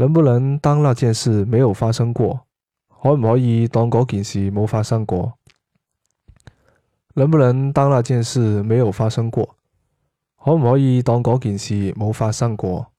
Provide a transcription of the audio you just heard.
能不能當那件事沒有發生過？可唔可以當嗰件事冇發生過？能不能當那件事沒有發生過？可唔可以當嗰件事冇發生過？